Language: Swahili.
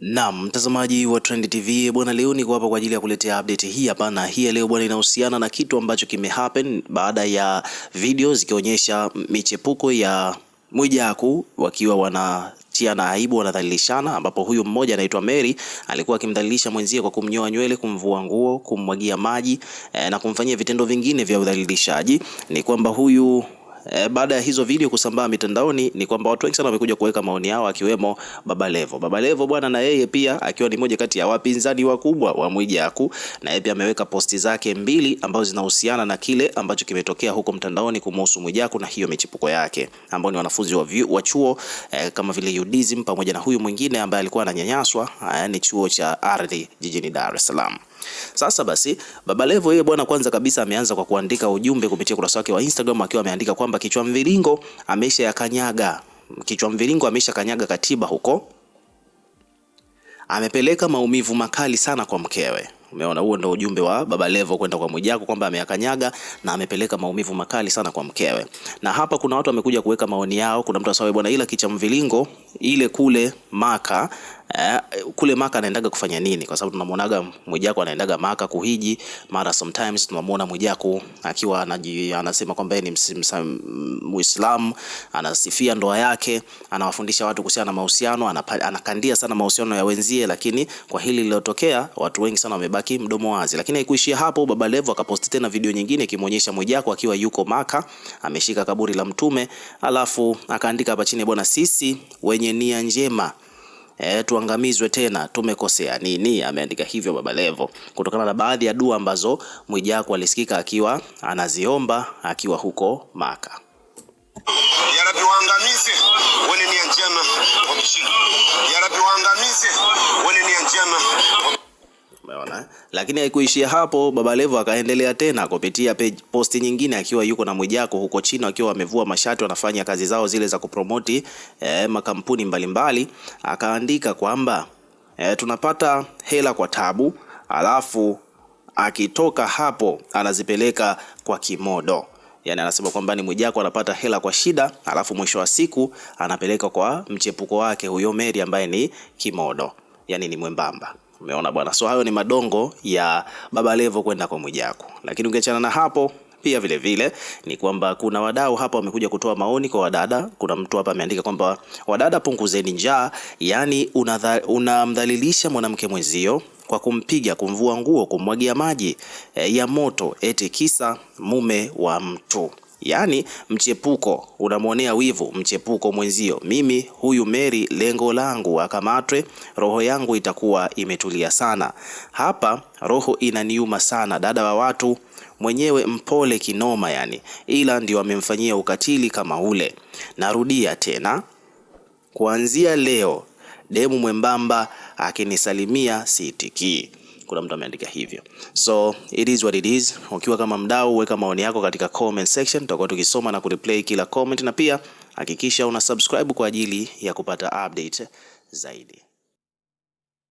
Naam, mtazamaji wa Trend TV bwana, leo niko hapa kwa ajili ya kuletea update hii hapa, na hii leo bwana inahusiana na kitu ambacho happen baada ya video zikionyesha michepuko ya Mwijaku wakiwa na aibu, wanadhalilishana, ambapo huyu mmoja anaitwa Mary alikuwa akimdhalilisha mwenzie kwa kumnyoa nywele, kumvua nguo, kummwagia maji eh, na kumfanyia vitendo vingine vya udhalilishaji. Ni kwamba huyu e, baada ya hizo video kusambaa mitandaoni ni kwamba watu wengi sana wamekuja kuweka maoni yao akiwemo Baba Levo. Baba Levo bwana, na yeye pia akiwa ni moja kati ya wapinzani wakubwa wa Mwijaku, na yeye pia ameweka posti zake mbili ambazo zinahusiana na kile ambacho kimetokea huko mtandaoni kumhusu Mwijaku na hiyo michipuko yake, ambao ni wanafunzi wa, wa chuo e, kama vile UDSM pamoja na huyu mwingine ambaye alikuwa ananyanyaswa, eh, ni chuo cha ardhi jijini Dar es Salaam. Sasa basi Baba Levo yeye bwana, kwanza kabisa ameanza kwa kuandika ujumbe kupitia ukurasa wake wa Instagram akiwa ameandika kwamba kichwa mviringo ameisha yakanyaga, kichwa mviringo amesha kanyaga katiba huko, amepeleka maumivu makali sana kwa mkewe. Umeona, huo ndo ujumbe wa Baba Levo kwenda kwa Mwijaku kwamba ameyakanyaga na amepeleka maumivu makali sana kwa mkewe. Na hapa kuna watu wamekuja kuweka maoni yao. Kuna mtu asawe bwana, ila kicha mvilingo ile kule Maka eh, kule Maka anaendaga kufanya nini? Kwa sababu tunamuonaga Mwijaku anaendaga Maka kuhiji, mara sometimes tunamuona Mwijaku akiwa anaji, anasema kwamba yeye ni Muislamu, anasifia ndoa yake, anawafundisha watu kuhusiana na mahusiano, anakandia sana mahusiano ya wenzie, lakini kwa hili lililotokea watu wengi sana wamebaki mdomo wazi. Lakini haikuishia hapo, Baba Levo akaposti tena video nyingine ikimwonyesha Mwijaku akiwa yuko Maka ameshika kaburi la Mtume, alafu akaandika hapa chini, bwana, sisi wenye nia njema e, tuangamizwe tena, tumekosea nini? Ameandika hivyo Baba Levo kutokana na baadhi ya dua ambazo Mwijaku alisikika akiwa anaziomba akiwa huko Maka. Ya Rabbi waangamize wenye nia njema, ya Rabbi waangamize wenye nia njema lakini haikuishia hapo, Baba Levo akaendelea tena kupitia posti nyingine akiwa yuko na Mwijaku huko China, akiwa wamevua mashati wanafanya kazi zao zile za kupromoti eh, makampuni mbalimbali. Akaandika kwamba eh, tunapata hela kwa tabu, alafu akitoka hapo anazipeleka kwa kimodo. Yani anasema kwamba ni Mwijaku anapata hela kwa shida, alafu mwisho wa siku anapeleka kwa mchepuko wake huyo Mary ambaye ni kimodo, yani ni mwembamba. Umeona bwana, so hayo ni madongo ya Baba Levo kwenda kwa Mwijaku, lakini ungeachana na hapo pia vile vile ni kwamba kuna wadau hapa wamekuja kutoa maoni kwa wadada. Kuna mtu hapa ameandika kwamba wadada, punguzeni njaa, yaani unamdhalilisha una mwanamke mwenzio kwa kumpiga, kumvua nguo, kumwagia maji eh, ya moto eti kisa mume wa mtu yaani mchepuko, unamwonea wivu mchepuko mwenzio. Mimi huyu Mary, lengo langu akamatwe, roho yangu itakuwa imetulia sana. Hapa roho inaniuma sana, dada wa watu mwenyewe mpole kinoma yani, ila ndio amemfanyia ukatili kama ule. Narudia tena, kuanzia leo demu mwembamba akinisalimia siitikii. Kuna mtu ameandika hivyo, so it is what it is. Ukiwa kama mdau, weka maoni yako katika comment section, tutakuwa tukisoma na kureplay kila comment, na pia hakikisha una subscribe kwa ajili ya kupata update zaidi.